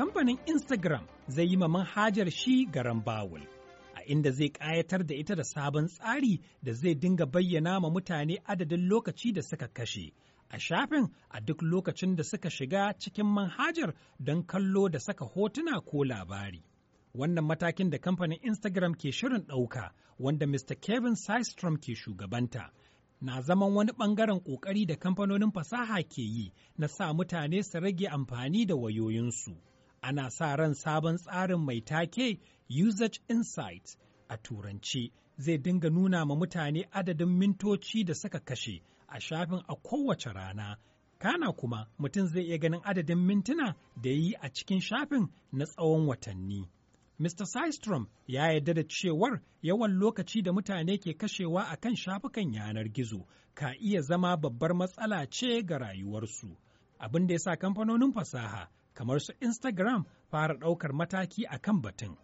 kamfanin Instagram zai yi ma manhajar shi garan bawul, a inda zai ƙayatar da ita da sabon tsari da zai dinga bayyana ma mutane adadin lokaci da suka kashe. A shafin a duk lokacin da suka shiga cikin manhajar don kallo da saka hotuna ko labari. Wannan matakin da kamfanin Instagram ke shirin ɗauka, wanda Mr. Kevin Systrom ke shugabanta. na zaman wani ɓangaren ƙoƙari da kamfanonin fasaha ke yi na sa mutane su rage amfani da wayoyinsu. ana sa ran sabon tsarin mai take usage Insight a turanci zai dinga nuna ma mutane adadin mintoci da suka kashe a shafin a kowace rana kana kuma mutum zai iya ganin adadin mintuna da yi a cikin shafin na tsawon watanni Mr. Systrom ya yarda da cewar yawan lokaci da mutane ke kashewa a kan shafukan yanar gizo ka iya zama babbar matsala ce ga rayuwarsu. Abin da ya sa kamfanonin fasaha kamar su Instagram fara ɗaukar mataki a kan batun.